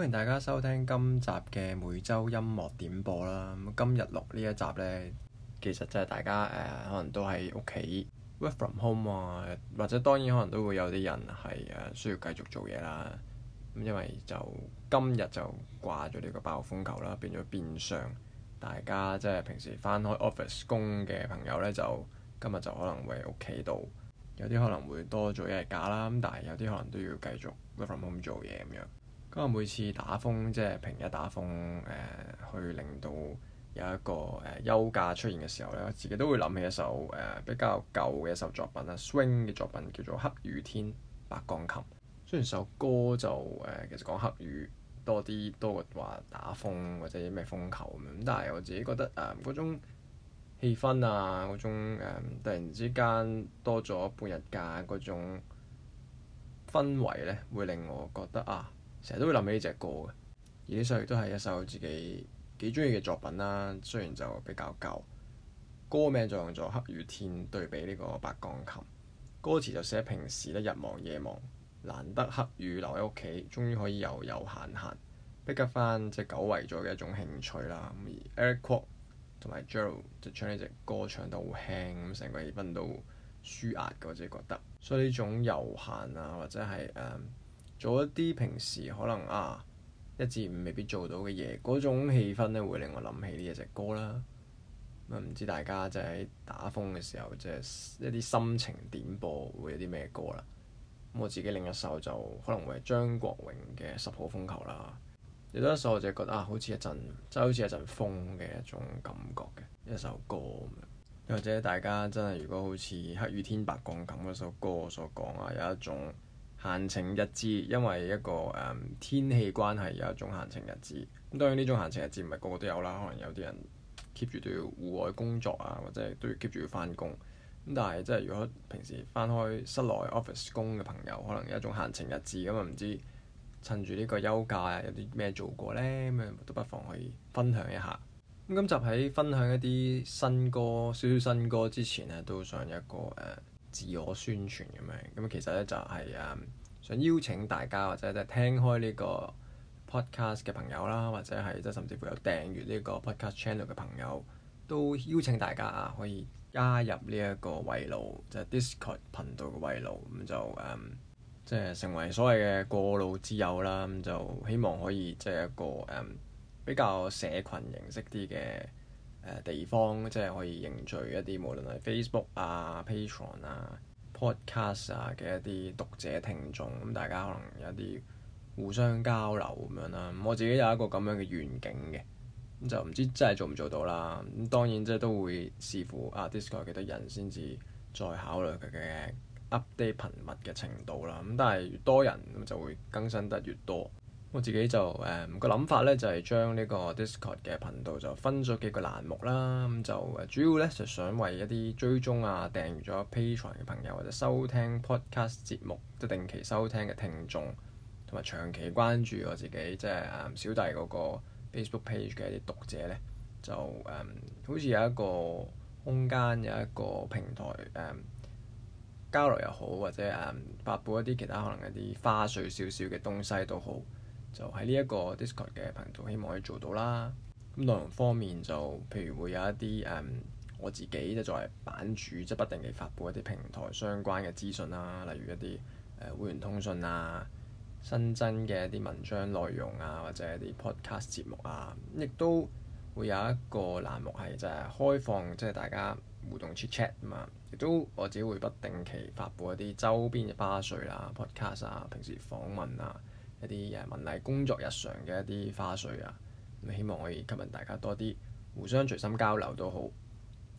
歡迎大家收聽今集嘅每周音樂點播啦。咁今日錄呢一集呢，其實即係大家誒、呃，可能都喺屋企 work from home 啊，或者當然可能都會有啲人係誒、呃、需要繼續做嘢啦。咁因為就今日就掛咗呢個爆風球啦，變咗變相，大家即係平時返開 office 工嘅朋友呢，就今日就可能會喺屋企度，有啲可能會多咗一日假啦。咁但係有啲可能都要繼續 work from home 做嘢咁樣。咁啊！每次打風，即、就、係、是、平日打風誒、呃，去令到有一個誒、呃、休假出現嘅時候咧，我自己都會諗起一首誒、呃、比較舊嘅一首作品啦。Swing 嘅作品叫做《黑雨天白鋼琴》。雖然首歌就誒、呃、其實講黑雨多啲多過話打風或者咩風球咁，但係我自己覺得啊，嗰、呃、種氣氛啊，嗰種、呃、突然之間多咗半日假嗰種氛圍咧，會令我覺得啊～成日都會諗起呢隻歌嘅，而呢首亦都係一首自己幾中意嘅作品啦。雖然就比較舊，歌名就用咗「黑雨天」對比呢個白鋼琴。歌詞就寫平時咧，日忙夜忙，難得黑雨留喺屋企，終於可以悠悠閒閒，畢吉翻即係久違咗嘅一種興趣啦。咁而 Eric Kwok、ok、同埋 Jerald 就唱呢隻歌唱得好輕，咁成個氣氛都舒壓嘅，我自己覺得。所以呢種悠閒啊，或者係誒～、um, 做一啲平時可能啊一至五未必做到嘅嘢，嗰種氣氛咧會令我諗起呢一隻歌啦。咁唔知大家就喺打風嘅時候，即係一啲心情點播會有啲咩歌啦？咁我自己另一首就可能會係張國榮嘅《十號風球》啦。亦都有一首我就覺得啊，好似一陣即係好似一陣風嘅一種感覺嘅一首歌，咁又或者大家真係如果好似《黑雨天白鋼琴》嗰首歌我所講啊，有一種。閒情逸致，因為一個誒、嗯、天氣關係有一種閒情逸致。咁當然呢種閒情逸致唔係個個都有啦，可能有啲人 keep 住都要戶外工作啊，或者都要 keep 住要翻工。咁但係即係如果平時翻開室內 office 工嘅朋友，可能有一種閒情逸致咁啊，唔、嗯、知趁住呢個休假有啲咩做過呢？咁樣都不妨可以分享一下。咁今集喺分享一啲新歌，少少新歌之前咧，都想一個誒。呃自我宣傳咁樣，咁其實咧就係啊想邀請大家或者即係聽開呢個 podcast 嘅朋友啦，或者係即係甚至乎有訂閱呢個 podcast channel 嘅朋友，都邀請大家啊可以加入呢一個圍爐，即、就、係、是、Discord 頻道嘅圍爐，咁、嗯、就誒即係成為所謂嘅過路之友啦，咁、嗯、就希望可以即係一個誒、嗯、比較社群形式啲嘅地方即係可以凝聚一啲無論係 Facebook 啊、Patreon 啊、Podcast 啊嘅一啲讀者聽眾，咁大家可能有啲互相交流咁樣啦。我自己有一個咁樣嘅願景嘅，咁就唔知真係做唔做到啦。咁當然即係都會視乎啊 Discord 幾多人先至再考慮佢嘅 update 頻密嘅程度啦。咁但係越多人就會更新得越多。我自己就誒、嗯，那個諗法咧，就係將呢個 Discord 嘅頻道就分咗幾個欄目啦。咁、嗯、就誒主要咧，就想為一啲追蹤啊、訂閱咗 Patreon 嘅朋友，或者收聽 Podcast 節目即係定期收聽嘅聽眾同埋長期關注我自己即係、就是、嗯小弟嗰個 Facebook page 嘅一啲讀者咧，就誒、嗯、好似有一個空間有一個平台誒、嗯、交流又好，或者誒、嗯、發佈一啲其他可能一啲花絮少少嘅東西都好。就喺呢一個 Discord 嘅頻道，希望可以做到啦。咁內容方面就，譬如會有一啲誒，um，我自己即作為版主，即、就是、不定期發布一啲平台相關嘅資訊啦，例如一啲誒、呃、會員通訊啊、新增嘅一啲文章內容啊，或者一啲 Podcast 節目啊，亦都會有一個欄目係就係、是、開放，即、就、係、是、大家互動 chit chat 啊嘛。亦都我自己會不定期發布一啲周邊嘅花絮啊、Podcast 啊、平時訪問啊。一啲誒文藝工作日常嘅一啲花絮啊，咁希望可以吸引大家多啲互相隨心交流都好，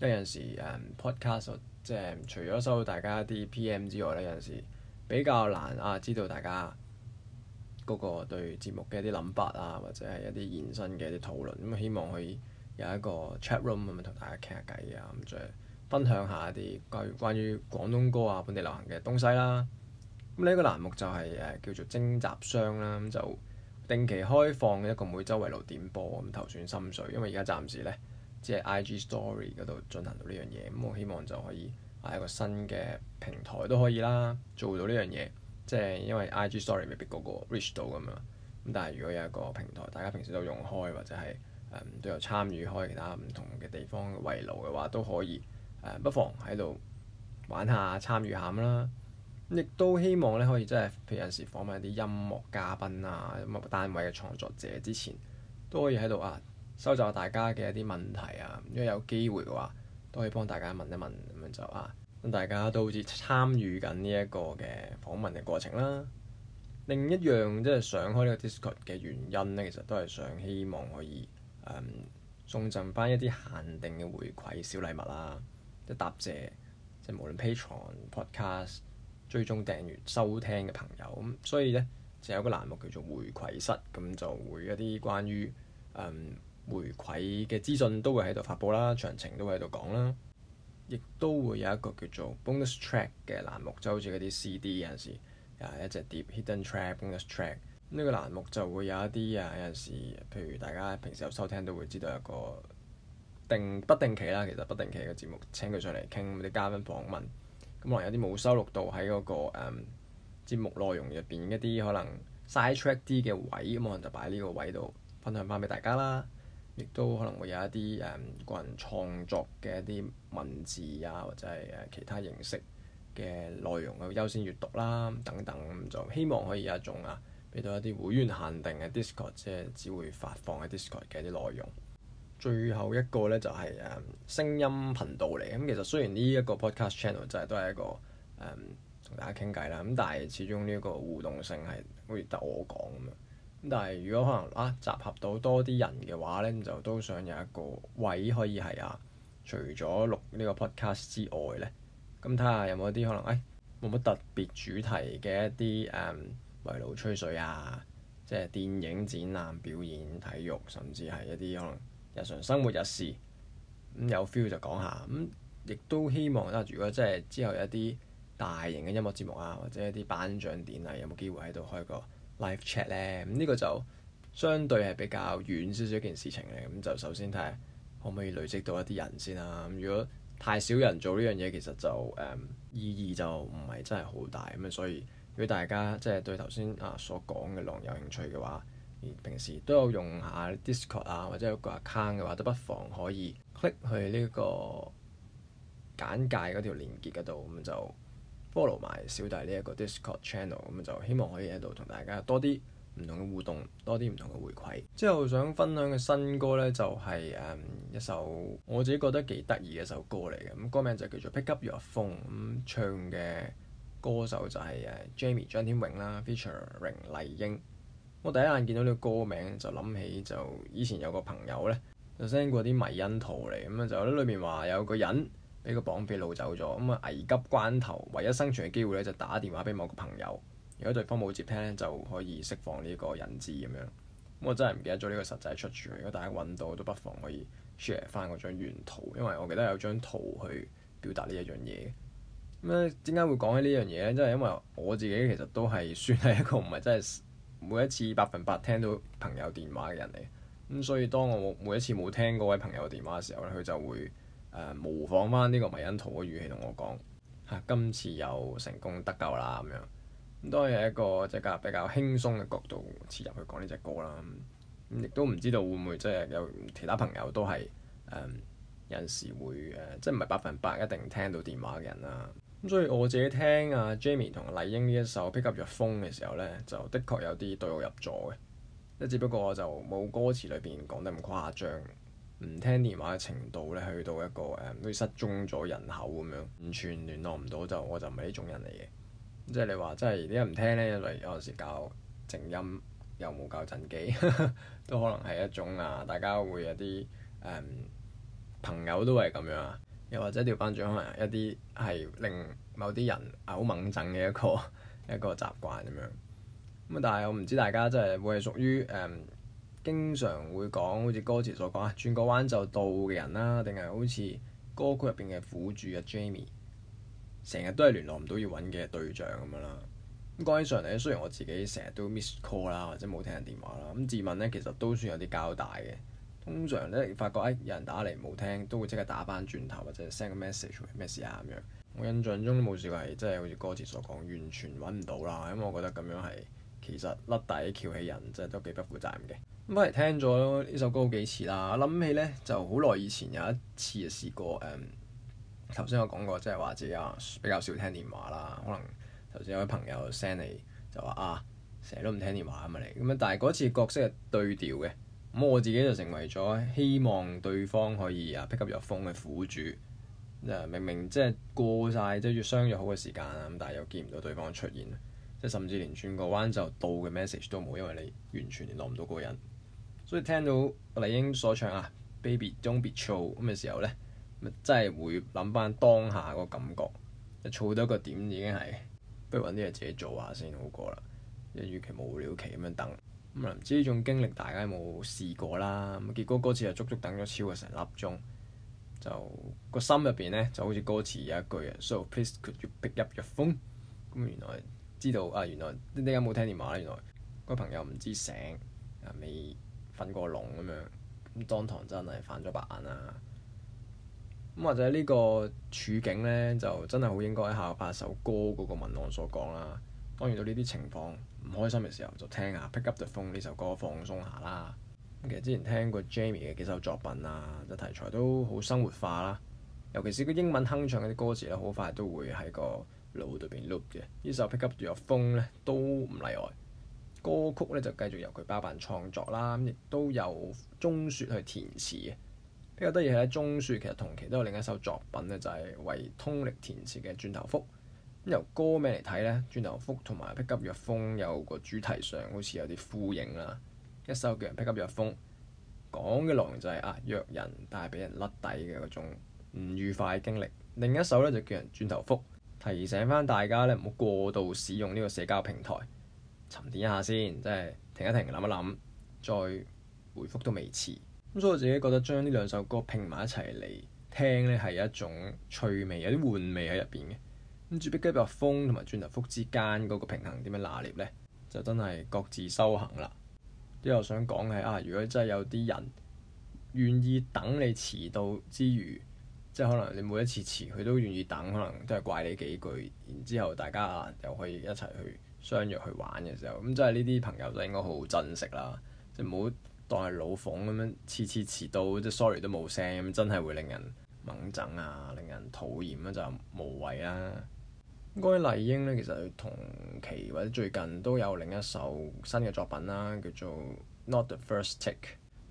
因為有陣時誒 podcast 即係除咗收到大家一啲 PM 之外咧，有陣時比較難啊知道大家嗰個對節目嘅一啲諗法啊，或者係一啲現身嘅一啲討論，咁希望可以有一個 chat room 咁樣同大家傾下偈啊，咁再分享一下一啲關於關於廣東歌啊、本地流行嘅東西啦。咁呢一個欄目就係誒叫做徵集箱啦，咁就定期開放一個每週圍爐點播咁投選心水，因為而家暫時咧即係 IG Story 嗰度進行到呢樣嘢，咁我希望就可以喺一個新嘅平台都可以啦，做到呢樣嘢，即係因為 IG Story 未必個個 reach 到咁樣，咁但係如果有一個平台，大家平時都用開或者係誒、嗯、都有參與開其他唔同嘅地方圍爐嘅話，都可以誒、呃，不妨喺度玩下參與下啦。亦都希望咧，可以真係，譬如有陣時訪問啲音樂嘉賓啊，咁啊單位嘅創作者之前都可以喺度啊，收集下大家嘅一啲問題啊。如果有機會嘅話，都可以幫大家問一問，咁樣就啊，咁大家都好似參與緊呢一個嘅訪問嘅過程啦。另一樣即係想開呢個 Discord 嘅原因咧，其實都係想希望可以誒送贈翻一啲限定嘅回饋小禮物啊，即係答謝，即係無論 Patreon、Podcast。追蹤訂閱收聽嘅朋友，咁所以呢，就有個欄目叫做回饋室，咁就會一啲關於誒、嗯、回饋嘅資訊都會喺度發布啦，詳情都會喺度講啦，亦都會有一個叫做 bonus track 嘅欄目，就好似嗰啲 CD 有陣時啊一隻碟 hidden track bonus track，呢個欄目就會有一啲啊有陣時，譬如大家平時有收聽都會知道有一個定不定期啦，其實不定期嘅節目請佢上嚟傾，啲嘉賓訪問。咁可能有啲冇收錄到喺嗰個誒節目內容入邊一啲可能 side track 啲嘅位，咁我就擺呢個位度分享翻俾大家啦。亦都可能會有一啲誒個人創作，嘅一啲文字啊，或者係誒其他形式嘅內容嘅優先閲讀啦等等。咁就希望可以有一種啊，俾到一啲會員限定嘅 Discord，即係只會發放喺 Discord 嘅一啲內容。最後一個呢、就係，就係誒聲音頻道嚟咁。其實雖然呢一個 podcast channel 真係都係一個誒同大家傾偈啦，咁但係始終呢個互動性係好似得我講咁樣。咁但係如果可能啊，集合到多啲人嘅話呢就都想有一個位可以係啊，除咗錄呢個 podcast 之外呢，咁睇下有冇啲可能誒冇乜特別主題嘅一啲誒圍爐吹水啊，即係電影、展覽、表演、體育，甚至係一啲可能。日常生活日事咁有 feel 就講下咁，亦都希望啦。如果即係之後一啲大型嘅音樂節目啊，或者一啲頒獎典禮，有冇機會喺度開個 live chat 咧？咁呢個就相對係比較遠少少一件事情嚟。咁就首先睇下可唔可以累積到一啲人先啦、啊。咁如果太少人做呢樣嘢，其實就誒、um, 意義就唔係真係好大。咁所以如果大家即係、就是、對頭先啊所講嘅狼有興趣嘅話，平時都有用下 Discord 啊，或者有個 account 嘅話，都不妨可以 click 去呢個簡介嗰條連結嗰度，咁就 follow 埋小弟呢一個 Discord channel，咁就希望可以喺度同大家多啲唔同嘅互動，多啲唔同嘅回饋。之後想分享嘅新歌呢，就係、是、誒、嗯、一首我自己覺得幾得意嘅一首歌嚟嘅，咁歌名就叫做《Pick Up Your Phone》，咁、嗯、唱嘅歌手就係、是、誒、啊、Jaime 張天穎啦，featuring 麗英。我第一眼見到呢個歌名就諗起就以前有個朋友呢，就 send 過啲迷因圖嚟咁啊，就咧裏邊話有個人俾個綁匪攞走咗咁啊，危急關頭唯一生存嘅機會呢，就打電話俾某個朋友，如果對方冇接聽呢，就可以釋放呢個人質咁樣。咁、嗯、我真係唔記得咗呢個實際出處，如果大家揾到都不妨可以 share 翻嗰張原圖，因為我記得有張圖去表達呢一樣嘢。咁咧點解會講起呢樣嘢呢？即係因為我自己其實都係算係一個唔係真係。每一次百分百聽到朋友電話嘅人嚟，咁所以當我每一次冇聽嗰位朋友電話嘅時候咧，佢就會誒、呃、模仿翻呢個迷因圖嘅語氣同我講，嚇、啊、今次又成功得救啦咁樣，咁都係一個即係比較輕鬆嘅角度切入去講呢隻歌啦，咁亦都唔知道會唔會即係有其他朋友都係誒、嗯、有陣時會誒，即係唔係百分百一定聽到電話嘅人啦。咁所以我自己聽啊 Jamie 同麗英呢一首《Pick up your phone》嘅時候呢，就的確有啲對我入座嘅。即只不過我就冇歌詞裏邊講得咁誇張，唔聽電話嘅程度呢，去到一個誒、嗯、失蹤咗人口咁樣，完全聯絡唔到就我就唔係呢種人嚟嘅。即、就、係、是、你話真係啲人唔聽呢因為有陣時教靜音又冇教震機， 都可能係一種啊，大家會有啲、嗯、朋友都係咁樣啊。又或者掉翻轉，可能一啲係令某啲人好掹憎嘅一個 一個習慣咁樣。咁但係我唔知大家真係會係屬於誒、嗯、經常會講好似歌詞所講啊，轉個彎就到嘅人啦，定係好似歌曲入邊嘅苦主啊，Jaime 成日都係聯絡唔到要揾嘅對象咁樣啦。咁講起上嚟咧，雖然我自己成日都 miss call 啦，或者冇聽人電話啦，咁自問咧其實都算有啲交代嘅。通常咧發覺誒、哎、有人打嚟冇聽，都會即刻打翻轉頭或者 send 個 message，咩事啊咁樣。我印象中都冇試過係即係好似歌詞所講，完全揾唔到啦。因為我覺得咁樣係其實甩底翹起人，即係都幾不負責任嘅。咁翻嚟聽咗呢首歌好幾次啦，諗起咧就好耐以前有一次就試過誒，頭、嗯、先我講過即係話自己比較少聽電話啦，可能頭先有位朋友 send 你就話啊，成日都唔聽電話啊嘛你，咁樣，但係嗰次角色係對調嘅。咁、嗯、我自己就成為咗希望對方可以啊 pick up your phone 嘅苦主，明明即係過晒，即係要相約好嘅時間啊，咁但係又見唔到對方出現，即係甚至連轉個彎就到嘅 message 都冇，因為你完全聯絡唔到個人。所以聽到麗英所唱啊、ah，Baby Don't Be True 咁嘅時候呢，咪真係會諗翻當下個感覺，錯到一個點已經係不如揾啲嘢自己做下先好過啦，即係與其無了期咁樣等。唔、嗯、知呢種經歷大家有冇試過啦？咁結果歌詞就足足等咗超過成粒鐘，就個心入邊咧就好似歌詞有一句啊，So please could you pick up your phone？咁、嗯、原來知道啊，原來點解冇聽電話原來個朋友唔知醒未瞓、啊、過龍咁樣，咁、嗯、當堂真係反咗白眼啦！咁、嗯、或者呢個處境咧，就真係好應該喺下八首歌嗰個文案所講啦。當遇到呢啲情況。唔開心嘅時候就聽下《Pick Up Your Phone》呢首歌，放鬆下啦。咁其實之前聽過 Jaime 嘅幾首作品啊，啲題材都好生活化啦。尤其是佢英文哼唱嘅啲歌詞咧，好快都會喺個腦度邊 loop 嘅。呢首《Pick Up Your Phone》咧都唔例外。歌曲咧就繼續由佢包辦創作啦，亦都由鐘雪去填詞嘅。比較得意係喺，鐘雪其實同期都有另一首作品咧，就係、是、為通力填詞嘅《轉頭福》。由歌名嚟睇呢，轉頭覆同埋《Pick up 若風》有個主題上好似有啲呼應啦。一首叫人《Pick up 若風》，講嘅內容就係、是、啊，約人但係俾人甩底嘅嗰種唔愉快嘅經歷。另一首咧就叫人轉頭覆，提醒翻大家咧唔好過度使用呢個社交平台，沉澱一下先，即、就、係、是、停一停，諗一諗，再回覆都未遲。咁、嗯、所以我自己覺得將呢兩首歌拼埋一齊嚟聽咧，係一種趣味，有啲玩味喺入邊嘅。咁住壁雞入風同埋轉頭福之間嗰個平衡點樣拿捏呢？就真係各自修行啦。之後想講係啊，如果真係有啲人願意等你遲到之餘，即係可能你每一次遲，佢都願意等，可能都係怪你幾句，然之後大家又可以一齊去相約去玩嘅時候，咁即係呢啲朋友就應該好珍惜啦。即係唔好當係老馮咁樣，次次遲到即係 sorry 都冇聲咁，真係會令人掹憎啊，令人討厭啊，就無謂啦。關於麗英咧，其實佢同期或者最近都有另一首新嘅作品啦，叫做《Not the First Take》，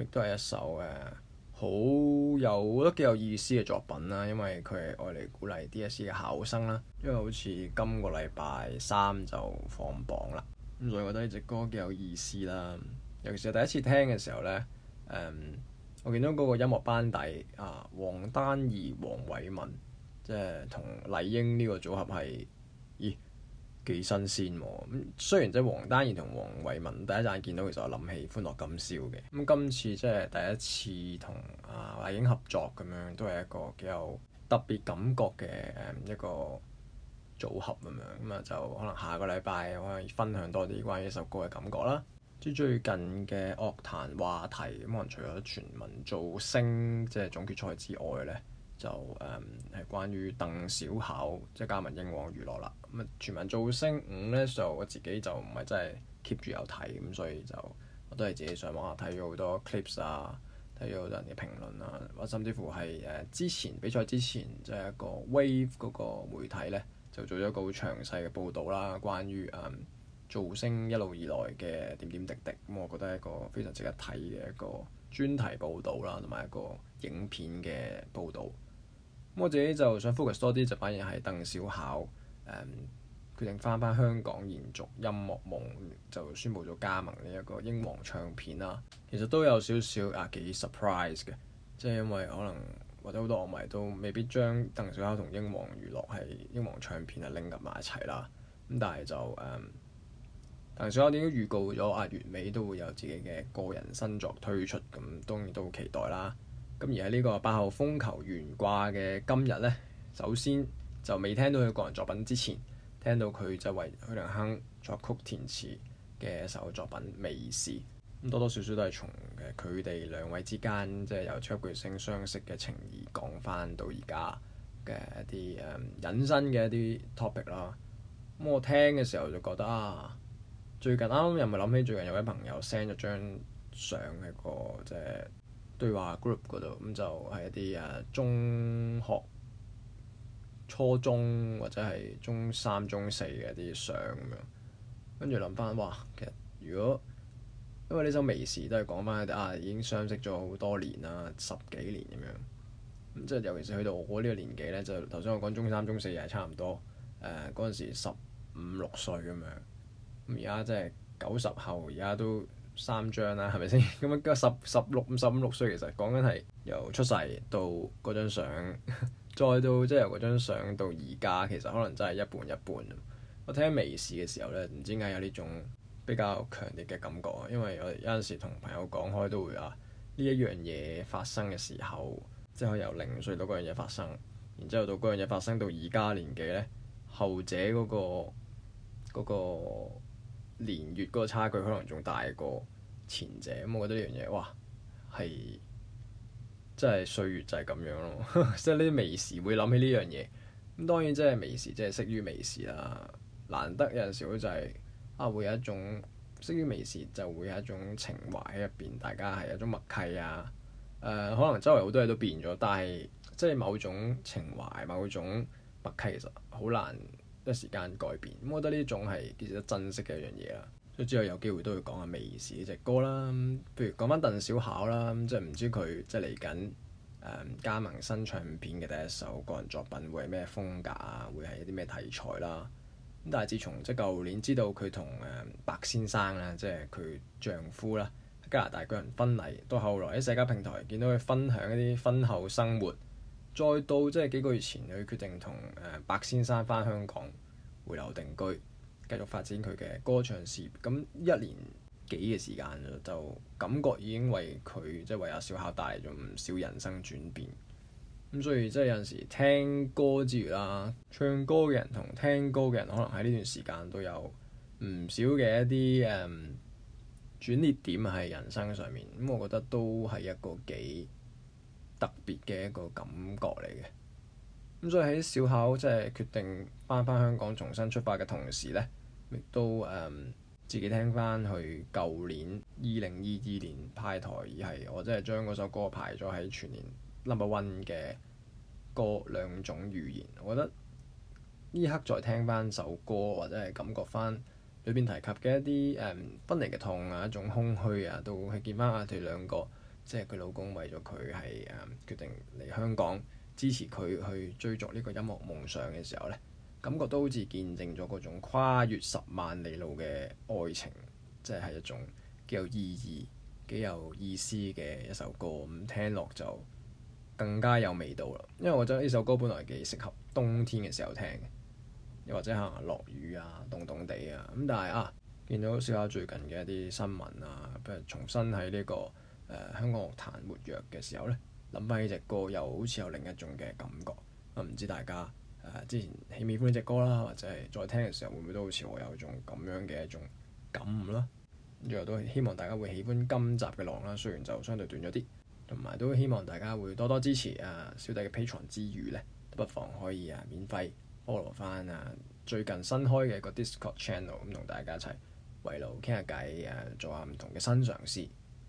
亦都係一首誒、呃、好有覺得幾有意思嘅作品啦。因為佢係愛嚟鼓勵 DSE 嘅考生啦，因為好似今個禮拜三就放榜啦，咁、嗯、所以我覺得呢隻歌幾有意思啦。尤其是第一次聽嘅時候咧，誒、嗯、我見到嗰個音樂班底啊，黃丹儀、黃偉文。即係同麗英呢個組合係，咦、欸、幾新鮮喎？咁雖然即係黃丹儀同黃偉文第一眼見到，其實我諗起《歡樂今宵》嘅。咁今次即係第一次同啊麗英合作咁樣，都係一個幾有特別感覺嘅一個組合咁樣。咁啊就可能下個禮拜可以分享多啲關於呢首歌嘅感覺啦。即最近嘅樂壇話題，咁可能除咗全民造星即係、就是、總決賽之外呢。就誒係、嗯、關於鄧小巧，即係加盟英皇娛樂啦，咁啊全民造星五咧，就我自己就唔係真係 keep 住有睇，咁所以就我都係自己上網下睇咗好多 clips 啊，睇咗好多人嘅評論啦、啊，甚至乎係誒、啊、之前比賽之前即係、就是、一個 wave 嗰個媒體咧，就做咗一個好詳細嘅報道啦，關於誒、嗯、造星一路以來嘅點點滴滴，咁、嗯、我覺得係一個非常值得睇嘅一個專題報道啦，同埋一個影片嘅報道。我自己就想 focus 多啲，就反而係鄧小巧、um, 決定翻返香港延續音樂夢，就宣布咗加盟呢一個英皇唱片啦。其實都有少少啊幾 surprise 嘅，即係因為可能或者好多樂迷都未必將鄧小巧同英皇娛樂係英皇唱片啊拎及埋一齊啦。咁但係就誒，um, 鄧小巧點都預告咗啊，月尾都會有自己嘅個人新作推出，咁當然都期待啦。咁而喺呢個八號風球懸掛嘅今日呢，首先就未聽到佢個人作品之前，聽到佢就為許廷鏗作曲填詞嘅一首作品《微時》。咁多多少少都係從佢哋兩位之間，即係由超級巨聲相識嘅情誼講翻到而家嘅一啲誒、嗯、引申嘅一啲 topic 咯。咁我聽嘅時候就覺得啊，最近啱又咪諗起最近有位朋友 send 咗張相喺、個即係，就是對話 group 嗰度，咁就係一啲誒、啊、中學、初中或者係中三、中四嘅一啲相咁樣，跟住諗翻，哇！其實如果因為呢首微時都係講翻一啲啊已經相識咗好多年啦，十幾年咁樣，咁即係尤其是去到我呢個年紀咧，就頭先我講中三、中四又係差唔多，誒嗰陣時十五六歲咁樣，咁而家即係九十後而家都。三張啦，啊，係咪先？咁樣加十十六五十五六歲，其實講緊係由出世到嗰張相， 再到即係、就是、由嗰張相到而家，其實可能真係一半一半。我睇下微時嘅時候呢，唔知點解有呢種比較強烈嘅感覺，因為我有陣時同朋友講開都會話，呢一樣嘢發生嘅時候，即係由零歲到嗰樣嘢發生，然之後到嗰樣嘢發生到而家年紀呢，後者嗰個嗰個，那個年月嗰個差距可能仲大過前者，咁我覺得呢樣嘢，哇，係真係歲月就係咁樣咯。 即係呢啲微時會諗起呢樣嘢，咁當然即係微時即係識於微時啦。難得有陣時會就係、是、啊，會有一種識於微時就會有一種情懷喺入邊，大家係一種默契啊。誒、呃，可能周圍好多嘢都變咗，但係即係某種情懷、某種默契其實好難一時間改變，我覺得呢種係幾值得珍惜嘅一樣嘢啦。所以之後有機會都會講下微時呢隻歌啦。譬如講翻鄧小巧啦，即係唔知佢即係嚟緊誒加盟新唱片嘅第一首個人作品會係咩風格啊？會係一啲咩題材啦？咁但係自從即係舊年知道佢同誒白先生啦，即係佢丈夫啦，加拿大舉行婚禮，到後來喺社交平台見到佢分享一啲婚後生活。再到即係、就是、幾個月前，佢決定同誒、呃、白先生返香港回流定居，繼續發展佢嘅歌唱事業。咁一年幾嘅時間就感覺已經為佢即係為阿小巧帶嚟咗唔少人生轉變。咁所以即係、就是、有陣時聽歌之餘啦，唱歌嘅人同聽歌嘅人，可能喺呢段時間都有唔少嘅一啲誒、嗯、轉捩點喺人生上面。咁我覺得都係一個幾。特別嘅一個感覺嚟嘅，咁所以喺小巧即係決定翻返香港重新出發嘅同時呢，亦都誒、嗯、自己聽翻去舊年二零二二年派台而係我真係將嗰首歌排咗喺全年 number one 嘅歌兩種語言，我覺得呢刻再聽翻首歌或者係感覺翻裏邊提及嘅一啲誒、嗯、分離嘅痛啊，一種空虛啊，都係見翻阿佢哋兩個。即係佢老公為咗佢，係、誒、決定嚟香港支持佢去追逐呢個音樂夢想嘅時候呢，感覺都好似見證咗嗰種跨越十萬里路嘅愛情，即係一種幾有意義、幾有意思嘅一首歌。咁聽落就更加有味道啦。因為我覺得呢首歌本來幾適合冬天嘅時候聽，又或者可能落雨啊、凍凍地啊。咁但係啊，見到小巧最近嘅一啲新聞啊，不如重新喺呢個。誒、呃、香港樂壇活躍嘅時候呢，諗翻呢隻歌，又好似有另一種嘅感覺。啊、嗯，唔知大家誒、呃、之前喜唔喜歡呢隻歌啦，或者再聽嘅時候，會唔會都好似我有種咁樣嘅一種感悟啦？咁然後都希望大家會喜歡今集嘅浪啦，雖然就相對短咗啲，同埋都希望大家會多多支持啊小弟嘅 Patreon 之餘呢，不妨可以啊免費 follow 翻啊最近新開嘅一個 Discord channel，咁同大家一齊圍爐傾下偈，做下唔同嘅新嘗試。